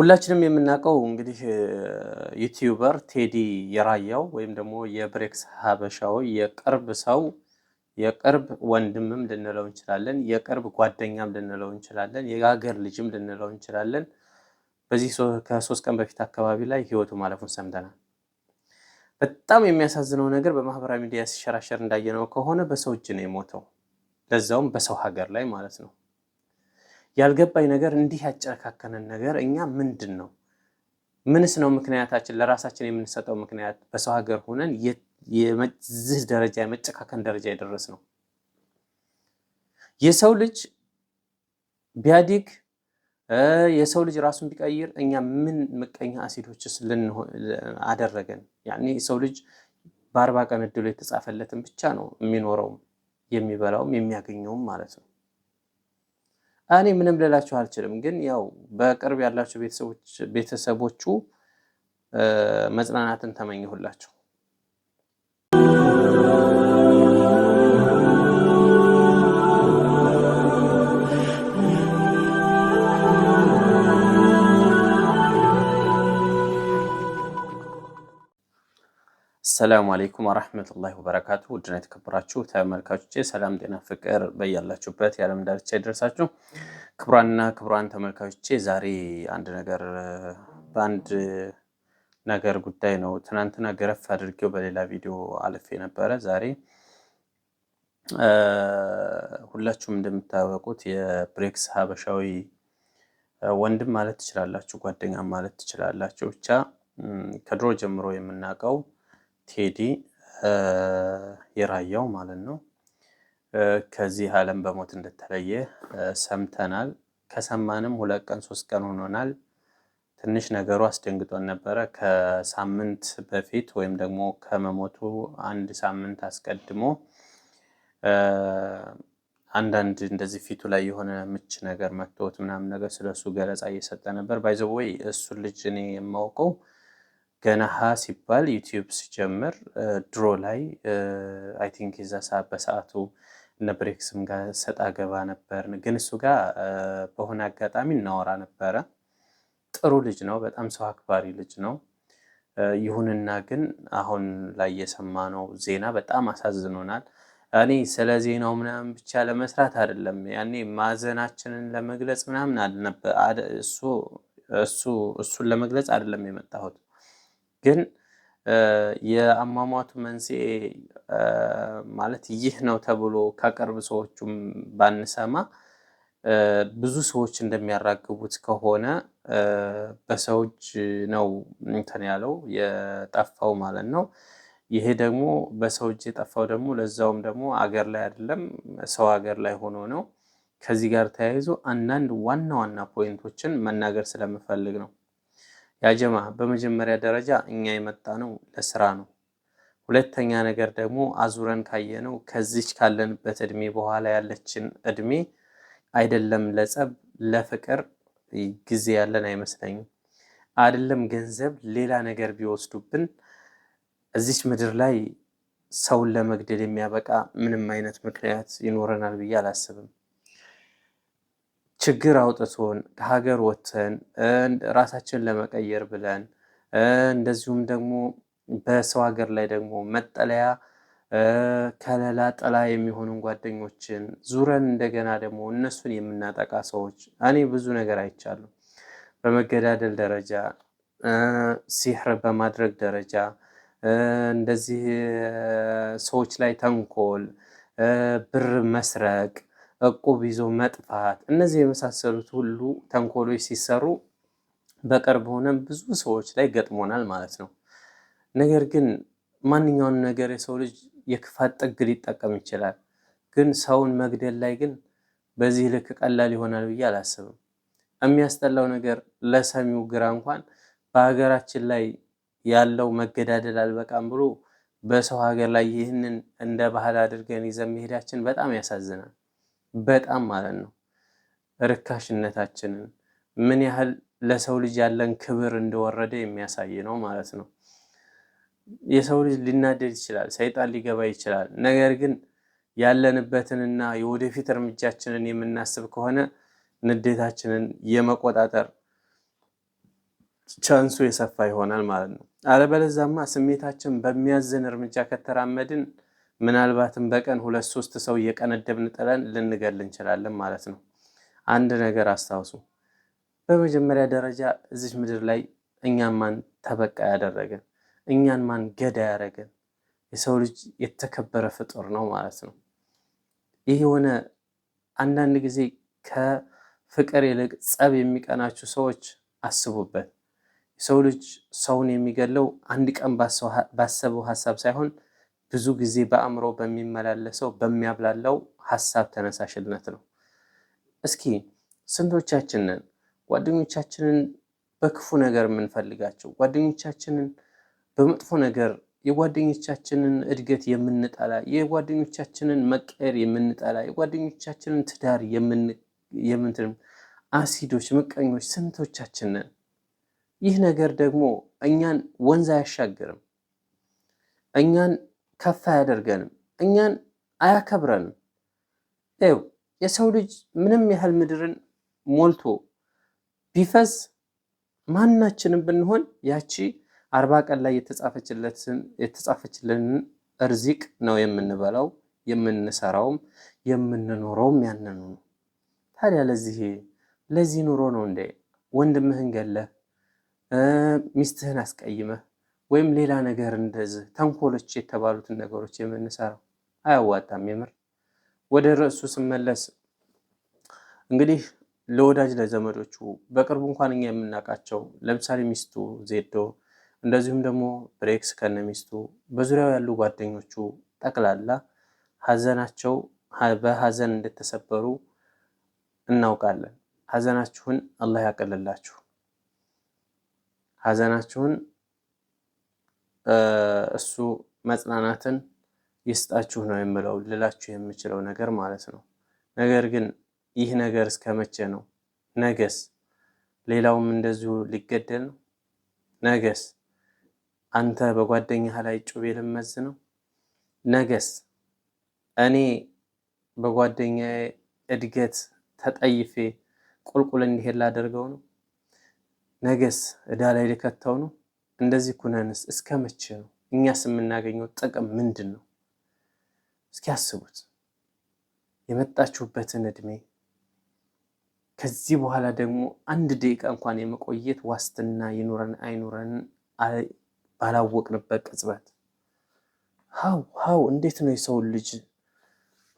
ሁላችንም የምናውቀው እንግዲህ ዩቲዩበር ቴዲ የራያው ወይም ደግሞ የብሬክስ ሀበሻው የቅርብ ሰው የቅርብ ወንድምም ልንለው እንችላለን፣ የቅርብ ጓደኛም ልንለው እንችላለን፣ የሀገር ልጅም ልንለው እንችላለን። በዚህ ከሶስት ቀን በፊት አካባቢ ላይ ህይወቱ ማለፉን ሰምተናል። በጣም የሚያሳዝነው ነገር በማህበራዊ ሚዲያ ሲሸራሸር እንዳየነው ከሆነ በሰው እጅ ነው የሞተው፣ ለዛውም በሰው ሀገር ላይ ማለት ነው። ያልገባኝ ነገር እንዲህ ያጨረካከነን ነገር እኛ ምንድን ነው? ምንስ ነው ምክንያታችን? ለራሳችን የምንሰጠው ምክንያት በሰው ሀገር ሆነን የዚህ ደረጃ የመጨካከን ደረጃ የደረስ ነው። የሰው ልጅ ቢያዲግ የሰው ልጅ ራሱን ቢቀይር እኛ ምን ምቀኛ አሲዶችስ አደረገን? ያኔ የሰው ልጅ በአርባ ቀን እድሎ የተጻፈለትን ብቻ ነው የሚኖረውም የሚበላውም የሚያገኘውም ማለት ነው። እኔ ምንም ልላችሁ አልችልም። ግን ያው በቅርብ ያላችሁ ቤተሰቦቹ መጽናናትን ተመኘሁላችሁ። ሰላሙ አሌይኩም ወረሕመቱላሂ ወበረካቱ። ውድና የተከበራችሁ ተመልካቾች ሰላም፣ ጤና፣ ፍቅር በያላችሁበት የዓለም ዳርቻ ይደርሳችሁ። ክቡራንና ክቡራን ተመልካቾቼ ዛሬ አንድ ነገር በአንድ ነገር ጉዳይ ነው። ትናንትና ገረፍ አድርጌው በሌላ ቪዲዮ አልፌ ነበረ። ዛሬ ሁላችሁም እንደምታወቁት የብሬክስ ሀበሻዊ ወንድም ማለት ትችላላችሁ፣ ጓደኛ ማለት ትችላላችሁ። ብቻ ከድሮ ጀምሮ የምናውቀው ቴዲ የራያው ማለት ነው ከዚህ ዓለም በሞት እንደተለየ ሰምተናል። ከሰማንም ሁለት ቀን ሶስት ቀን ሆኖናል። ትንሽ ነገሩ አስደንግጦን ነበረ። ከሳምንት በፊት ወይም ደግሞ ከመሞቱ አንድ ሳምንት አስቀድሞ አንዳንድ እንደዚህ ፊቱ ላይ የሆነ ምች ነገር መቶት ምናምን ነገር ስለሱ ገለጻ እየሰጠ ነበር። ባይዘወይ እሱን ልጅ እኔ የማውቀው ገና ሀ ሲባል ዩቲዩብ ሲጀምር ድሮ ላይ አይ ቲንክ የዛ ሰዓት በሰዓቱ እነ ብሬክስም ጋር ሰጣ ገባ ነበር። ግን እሱ ጋር በሆነ አጋጣሚ እናወራ ነበረ። ጥሩ ልጅ ነው፣ በጣም ሰው አክባሪ ልጅ ነው። ይሁንና ግን አሁን ላይ የሰማነው ዜና በጣም አሳዝኖናል። እኔ ስለ ዜናው ምናምን ብቻ ለመስራት አይደለም ያኔ ማዘናችንን ለመግለጽ ምናምን እሱን ለመግለጽ አይደለም የመጣሁት ግን የአሟሟቱ መንስኤ ማለት ይህ ነው ተብሎ ከቅርብ ሰዎቹም ባንሰማ ብዙ ሰዎች እንደሚያራግቡት ከሆነ በሰው እጅ ነው እንትን ያለው የጠፋው ማለት ነው። ይሄ ደግሞ በሰው እጅ የጠፋው ደግሞ ለዛውም ደግሞ አገር ላይ አይደለም ሰው አገር ላይ ሆኖ ነው። ከዚህ ጋር ተያይዞ አንዳንድ ዋና ዋና ፖይንቶችን መናገር ስለምፈልግ ነው። ያጀማ በመጀመሪያ ደረጃ እኛ የመጣ ነው ለስራ ነው። ሁለተኛ ነገር ደግሞ አዙረን ካየነው ከዚች ካለንበት እድሜ በኋላ ያለችን እድሜ አይደለም ለጸብ ለፍቅር ጊዜ ያለን አይመስለኝም። አይደለም ገንዘብ፣ ሌላ ነገር ቢወስዱብን እዚች ምድር ላይ ሰውን ለመግደል የሚያበቃ ምንም አይነት ምክንያት ይኖረናል ብዬ አላስብም። ችግር አውጥቶን ከሀገር ወጥተን ራሳችን ለመቀየር ብለን እንደዚሁም ደግሞ በሰው ሀገር ላይ ደግሞ መጠለያ ከለላ ጥላ የሚሆኑን ጓደኞችን ዙረን እንደገና ደግሞ እነሱን የምናጠቃ ሰዎች እኔ ብዙ ነገር አይቻሉ። በመገዳደል ደረጃ፣ ሲህር በማድረግ ደረጃ፣ እንደዚህ ሰዎች ላይ ተንኮል፣ ብር መስረቅ እቁብ ይዞ መጥፋት፣ እነዚህ የመሳሰሉት ሁሉ ተንኮሎች ሲሰሩ በቅርብ ሆነን ብዙ ሰዎች ላይ ገጥሞናል ማለት ነው። ነገር ግን ማንኛውንም ነገር የሰው ልጅ የክፋት ጥግ ሊጠቀም ይችላል። ግን ሰውን መግደል ላይ ግን በዚህ ልክ ቀላል ይሆናል ብዬ አላስብም። የሚያስጠላው ነገር ለሰሚው ግራ እንኳን በሀገራችን ላይ ያለው መገዳደል አልበቃም ብሎ በሰው ሀገር ላይ ይህንን እንደ ባህል አድርገን ይዘን መሄዳችን በጣም ያሳዝናል። በጣም ማለት ነው ርካሽነታችንን ምን ያህል ለሰው ልጅ ያለን ክብር እንደወረደ የሚያሳይ ነው ማለት ነው። የሰው ልጅ ሊናደድ ይችላል፣ ሰይጣን ሊገባ ይችላል። ነገር ግን ያለንበትንና የወደፊት እርምጃችንን የምናስብ ከሆነ ንዴታችንን የመቆጣጠር ቻንሱ የሰፋ ይሆናል ማለት ነው። አለበለዛማ ስሜታችን በሚያዝን እርምጃ ከተራመድን ምናልባትም በቀን ሁለት ሶስት ሰው እየቀነደብን ጥለን ልንገል እንችላለን ማለት ነው። አንድ ነገር አስታውሱ። በመጀመሪያ ደረጃ እዚች ምድር ላይ እኛን ማን ተበቃ ያደረገን? እኛን ማን ገዳ ያደረገን? የሰው ልጅ የተከበረ ፍጡር ነው ማለት ነው። ይህ የሆነ አንዳንድ ጊዜ ከፍቅር ይልቅ ጸብ የሚቀናችሁ ሰዎች አስቡበት። የሰው ልጅ ሰውን የሚገለው አንድ ቀን ባሰበው ሀሳብ ሳይሆን ብዙ ጊዜ በአእምሮ በሚመላለሰው በሚያብላላው ሀሳብ ተነሳሽነት ነው። እስኪ ስንቶቻችንን ጓደኞቻችንን በክፉ ነገር የምንፈልጋቸው ጓደኞቻችንን በመጥፎ ነገር የጓደኞቻችንን እድገት የምንጠላ የጓደኞቻችንን መቀየር የምንጠላ የጓደኞቻችንን ትዳር የምንትን አሲዶች፣ ምቀኞች ስንቶቻችንን። ይህ ነገር ደግሞ እኛን ወንዝ አያሻግርም፣ እኛን ከፍ አያደርገንም፣ እኛን አያከብረንም። ይኸው የሰው ልጅ ምንም ያህል ምድርን ሞልቶ ቢፈስ ማናችንም ብንሆን ያቺ አርባ ቀን ላይ የተጻፈችልንን እርዚቅ ነው የምንበላው፣ የምንሰራውም የምንኖረውም ያንኑ ነው። ታዲያ ለዚህ ለዚህ ኑሮ ነው እንደ ወንድምህን ገለህ ሚስትህን አስቀይመህ ወይም ሌላ ነገር እንደዚህ ተንኮሎች የተባሉትን ነገሮች የምንሰራው አያዋጣም። የምር ወደ ርዕሱ ስመለስ እንግዲህ ለወዳጅ ለዘመዶቹ በቅርቡ እንኳን እኛ የምናውቃቸው ለምሳሌ ሚስቱ ዜዶ፣ እንደዚሁም ደግሞ ብሬክስ ከነ ሚስቱ በዙሪያው ያሉ ጓደኞቹ ጠቅላላ ሀዘናቸው በሀዘን እንደተሰበሩ እናውቃለን። ሀዘናችሁን አላህ ያቀልላችሁ። ሀዘናችሁን እሱ መጽናናትን ይስጣችሁ ነው የምለው ልላችሁ የምችለው ነገር ማለት ነው። ነገር ግን ይህ ነገር እስከ መቼ ነው? ነገስ ሌላውም እንደዚሁ ሊገደል ነው? ነገስ አንተ በጓደኛህ ላይ ጩቤ ልመዝ ነው? ነገስ እኔ በጓደኛዬ እድገት ተጠይፌ ቁልቁል እንዲሄድ ላደርገው ነው? ነገስ እዳ ላይ ልከተው ነው? እንደዚህ ኩነንስ እስከ መቼ ነው? እኛስ የምናገኘው ጥቅም ምንድን ነው? እስኪ አስቡት። የመጣችሁበትን እድሜ ከዚህ በኋላ ደግሞ አንድ ደቂቃ እንኳን የመቆየት ዋስትና ይኑረን አይኑረን ባላወቅንበት ቅጽበት ሀው ሀው እንዴት ነው የሰውን ልጅ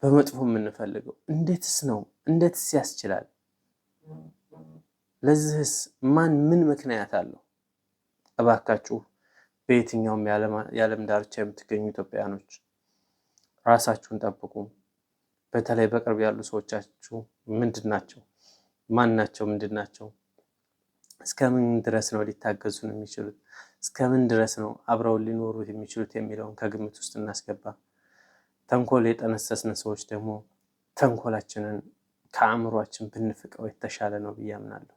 በመጥፎ የምንፈልገው? እንዴትስ ነው እንዴትስ ያስችላል? ለዚህስ ማን ምን ምክንያት አለው? እባካችሁ በየትኛውም የዓለም ዳርቻ የምትገኙ ኢትዮጵያውያኖች ራሳችሁን ጠብቁ። በተለይ በቅርብ ያሉ ሰዎቻችሁ ምንድን ናቸው? ማን ናቸው? ምንድን ናቸው? እስከምን ድረስ ነው ሊታገዙን የሚችሉት? እስከምን ድረስ ነው አብረው ሊኖሩት የሚችሉት የሚለውን ከግምት ውስጥ እናስገባ። ተንኮል የጠነሰስን ሰዎች ደግሞ ተንኮላችንን ከአእምሯችን ብንፍቀው የተሻለ ነው ብዬ አምናለሁ።